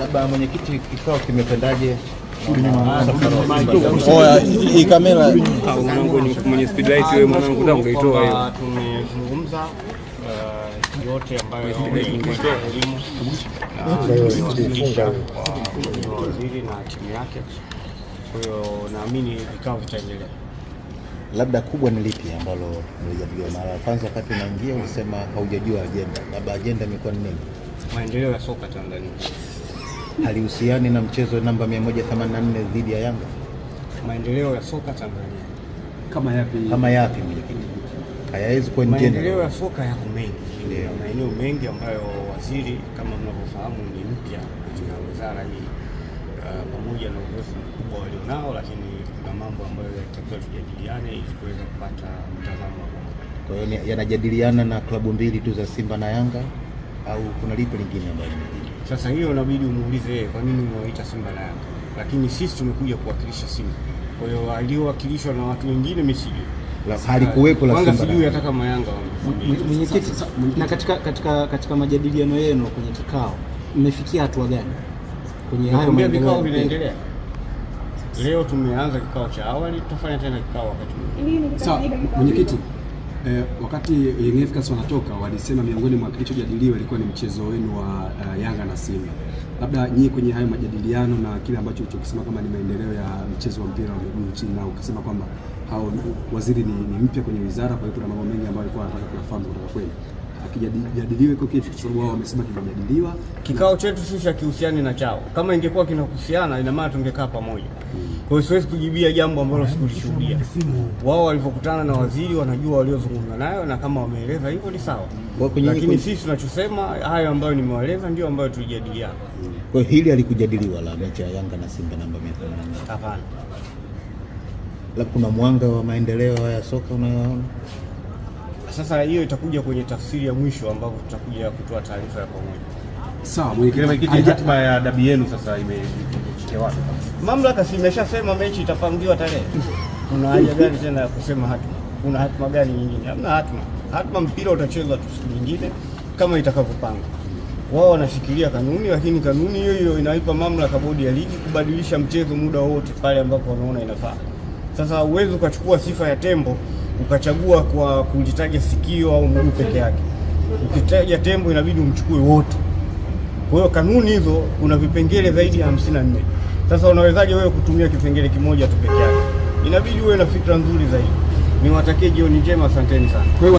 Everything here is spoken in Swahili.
Labda mwenyekiti, kikao kimekwendaje? Hii kamera mwenye speed light, wewe mwanangu, ndio ungeitoa hiyo. Tumezungumza yote ambayo waziri na timu yake, kwa hiyo naamini vikao vitaendelea labda kubwa ni lipi ambalo mlijadiliwa mara ya kwanza wakati unaingia, ulisema haujajua ajenda? Labda ajenda imekuwa ni nini? Maendeleo ya soka Tanzania halihusiani na mchezo namba 184 dhidi ya Yanga. Maendeleo ya soka Tanzania kama yapi? Kama yapi mwenyekiti? Hayawezi kuwa jenda. Maendeleo ya soka yako mengi, ndio maeneo mengi ambayo waziri kama mnavyofahamu ni mpya katika wizara hii, ah, pamoja na uzoefu mkubwa walionao, lakini kuna mambo ambayo yatakiwa tujadiliane ili kuweza kupata mtazamo wa Kwa hiyo yanajadiliana na klabu mbili tu za Simba na Yanga au kuna lipo lingine ambalo sasa, hiyo unabidi umuulize yeye, kwa nini umewaita Simba na Yanga, lakini sisi tumekuja kuwakilisha Simba. Kwa hiyo aliyowakilishwa na watu wengine mimi sijui halikuwepo la Simba, sijui hata kama Yanga. Mwenyekiti, na katika katika katika majadiliano yenu kwenye kikao mmefikia hatua gani kwenye hayo maendeleo? Leo tumeanza kikao cha awali, tutafanya tena kikao wakati mwingine. Sawa, mwenyekiti. Eh, wakati Young Africans wanatoka walisema miongoni mwa kilichojadiliwa ilikuwa ni mchezo wenu wa uh, Yanga na Simba. Labda nyinyi kwenye hayo majadiliano na kile ambacho ulichokisema kama ni maendeleo ya mchezo wa mpira wa miguu nchini, na ukasema kwamba hao waziri ni, ni mpya kwenye wizara, kwa hiyo kuna mambo mengi ambayo alikuwa anataka kuyafahamu kutoka kwenu akijadiliwe kwa kitu, kwa sababu wao wamesema kimejadiliwa. Kikao chetu sisi hakihusiani na chao. Kama ingekuwa kinahusiana, ina maana tungekaa pamoja. Hmm. Kwa hiyo siwezi kujibia jambo ambalo sikulishuhudia. Wao walivyokutana na waziri wanajua waliozungumza nayo, na kama wameeleza hivyo ni sawa, lakini sisi tunachosema hayo ambayo nimewaeleza ndio ambayo tulijadiliana. Hmm. Kwa hiyo hili alikujadiliwa la mechi ya Yanga na Simba namba 188? Hapana. La, kuna mwanga wa maendeleo ya soka unayoona? Sasa hiyo itakuja kwenye tafsiri ya mwisho ambapo tutakuja kutoa taarifa ya pamoja. Sawa, mwenyekiti, hatima ya dabi yenu sasa imefikia wapi? Mamlaka si imeshasema mechi itapangiwa tarehe. Kuna haja gani tena ya kusema hatima? Kuna hatima gani nyingine? Hamna hatima. Hatima, mpira utachezwa tu siku nyingine kama itakavyopangwa. Wao wanashikilia kanuni, lakini kanuni hiyo hiyo inaipa mamlaka bodi ya ligi kubadilisha mchezo muda wote pale ambapo wanaona inafaa. Sasa uwezo ukachukua sifa ya tembo ukachagua kwa kulitaja sikio au mguu peke yake. Ukitaja tembo inabidi umchukue wote. Kwa hiyo kanuni hizo, kuna vipengele zaidi ya hamsini na nne. Sasa unawezaje wewe kutumia kipengele kimoja tu peke yake? Inabidi uwe na fikra nzuri zaidi. Niwatakie jioni njema, asanteni sana.